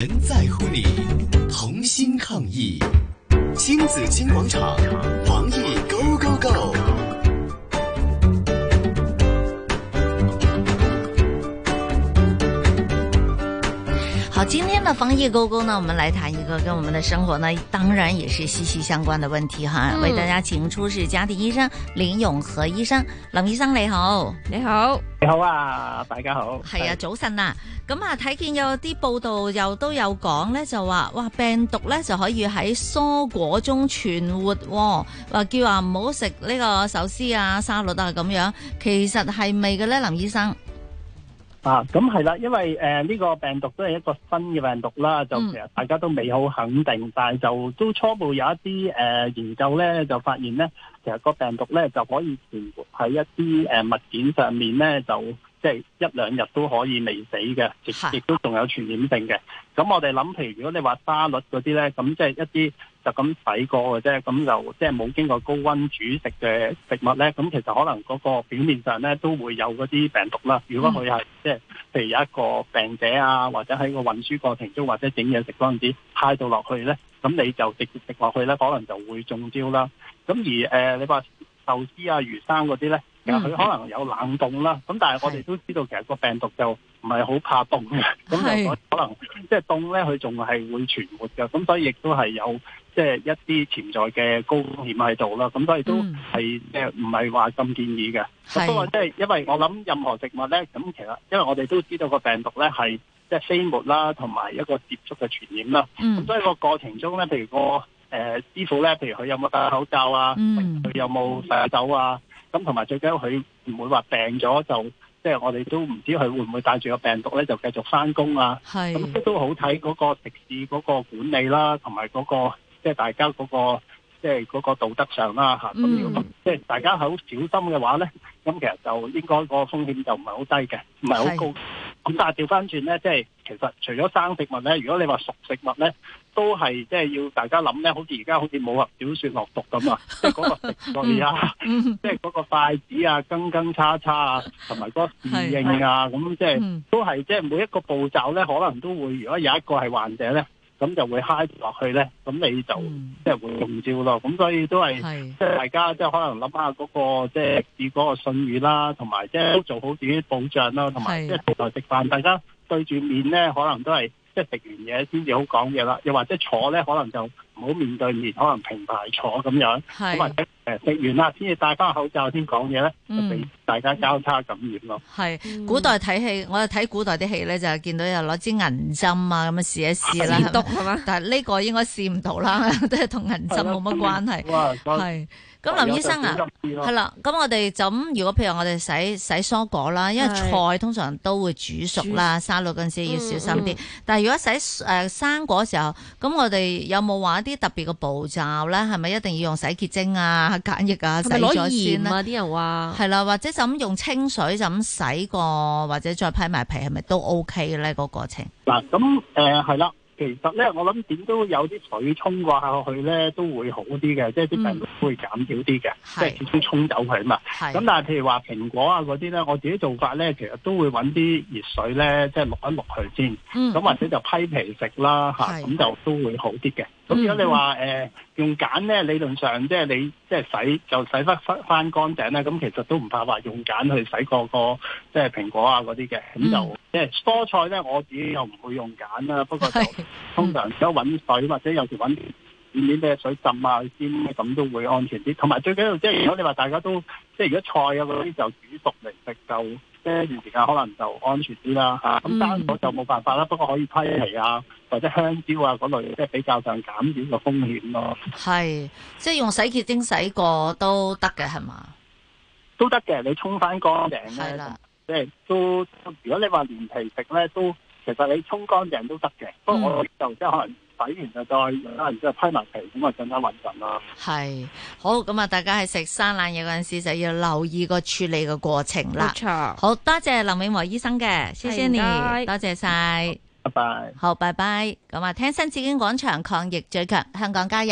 人在乎你，同心抗疫，親子金廣場。今天的防疫溝通呢，我們來談一個跟我們的生活呢，當然也是息息相關的問題哈。嗯、為大家請出示家庭醫生林永和醫生，林醫生你好，你好，你好，你好啊，大家好，係啊，早晨啊，咁啊睇見有啲報道又都有講咧，就話哇病毒咧就可以喺蔬果中存活，哦，話叫話唔好食呢個壽司啊、沙律啊咁樣，其實係咪嘅咧，林醫生？啊，咁係啦，因為誒呢、呃這個病毒都係一個新嘅病毒啦，就其實大家都未好肯定，嗯、但係就都初步有一啲誒、呃、研究咧，就發現咧，其實個病毒咧就可以存活喺一啲誒、呃、物件上面咧，就即係、就是、一兩日都可以未死嘅，亦亦都仲有傳染性嘅。咁我哋諗，譬如如果你話沙律嗰啲咧，咁即係一啲。就咁洗過嘅啫，咁就即係冇經過高溫煮食嘅食物咧，咁其實可能嗰個表面上咧都會有嗰啲病毒啦。如果佢係即係，譬如有一個病者啊，或者喺個運輸過程中或者整嘢食嗰陣時派到落去咧，咁你就直接食落去咧，可能就會中招啦。咁而誒、呃，你話壽司啊、魚生嗰啲咧？佢、嗯、可能有冷凍啦，咁是但係我哋都知道，其實個病毒就唔係好怕凍嘅，咁就是、嗯、可能即係凍咧，佢仲係會存活嘅，咁所以亦都係有即係一啲潛在嘅高風險喺度啦，咁所以都係唔係話咁建議嘅。不過即係是因為我諗任何食物咧，咁其實因為我哋都知道個病毒咧係即係飛沫啦，同埋一個接觸嘅傳染啦，咁、嗯、所以個過程中咧，譬如、那個誒、呃、師傅咧，譬如佢有冇戴口罩啊，佢、嗯、有冇洗手啊？咁同埋最緊要佢唔會話病咗就，即係我哋都唔知佢會唔會帶住個病毒咧就繼續翻工啊？係咁都好睇嗰個食肆嗰個管理啦，同埋嗰個即係大家嗰個即係嗰個道德上啦吓。咁即係大家好小心嘅話咧，咁其實就應該個風險就唔係好低嘅，唔係好高。咁是但係調翻轉咧，即係。其實除咗生食物咧，如果你話熟食物咧，都係即係要大家諗咧，好似而家好似武俠小說落毒咁 啊，即係嗰個食類啊，即係嗰個筷子啊，羹羹叉叉啊，同埋嗰侍應啊，咁即係都係即係每一個步驟咧，可能都會，如果有一個係患者咧，咁就會 high 落去咧，咁你就即係會中招咯。咁 所以都係即係大家即係可能諗下嗰個即係嗰個信譽啦，同埋即係都做好自己保障啦，同埋即係在外食飯，大家。對住面咧，可能都係即係食完嘢先至好講嘢啦。又或者坐咧，可能就唔好面對面，可能平排坐咁樣。係。食完啦，先至戴翻口罩，先講嘢咧，畀大家交叉感染咯。係古代睇戲，我睇古代啲戲咧，就係見到有攞支銀針啊，咁樣試一試啦，毒係嘛？但係呢個應該試唔到啦，都係同銀針冇乜關係。係咁，林醫生啊，係啦。咁我哋就咁，如果譬如我哋洗洗蔬果啦，因為菜通常都會煮熟啦，生嗰陣時要小心啲。但係如果洗誒生果嘅時候，咁我哋有冇話一啲特別嘅步驟咧？係咪一定要用洗潔精啊？簡易啊，洗咗先啊！啲人話係啦，或者就咁用清水就咁洗過，或者再批埋皮，係咪都 OK 咧？個過程嗱，咁誒係啦。其實咧，我諗點都有啲水沖過下去咧，都會好啲嘅，即係啲病毒會減少啲嘅，即係始終沖走佢啊嘛。咁但係譬如話蘋果啊嗰啲咧，我自己做法咧，其實都會揾啲熱水咧，即係淥一淥去先，咁或者就批皮食啦嚇，咁就都會好啲嘅。咁如果你話、呃、用鹼咧，理論上即係你即係洗就洗得翻翻乾淨咧，咁其實都唔怕話用鹼去洗個個即係蘋果啊嗰啲嘅，咁就即係、mm. 蔬菜咧，我自己又唔會用鹼啦。Mm. 不過就、mm. 通常而家揾水或者有時揾啲咩水浸下先，咁都會安全啲。同埋最緊要即係如果你話大家都即係如果菜啊嗰啲就煮熟嚟食就。呢段時間可能就安全啲啦，吓，咁生果就冇辦法啦，不過可以批皮啊或者香蕉啊嗰類，即係比較上減少個風險咯。係，即係用洗潔精洗過都得嘅係嘛？都得嘅，你沖翻乾淨係啦，即係都。如果你話連皮食咧，都其實你沖乾淨都得嘅。嗯、不過我就即係可能。洗完就再，加完之後批埋皮，咁啊更加穩陣啦。係好。咁啊，大家係食生冷嘢陣時就要留意個處理嘅過程啦。冇錯錯，好多謝林永和醫生嘅，的謝謝你，謝謝，多謝晒，拜拜。好，拜拜。咁啊，聽新紫荊廣場抗疫最強，香港加油！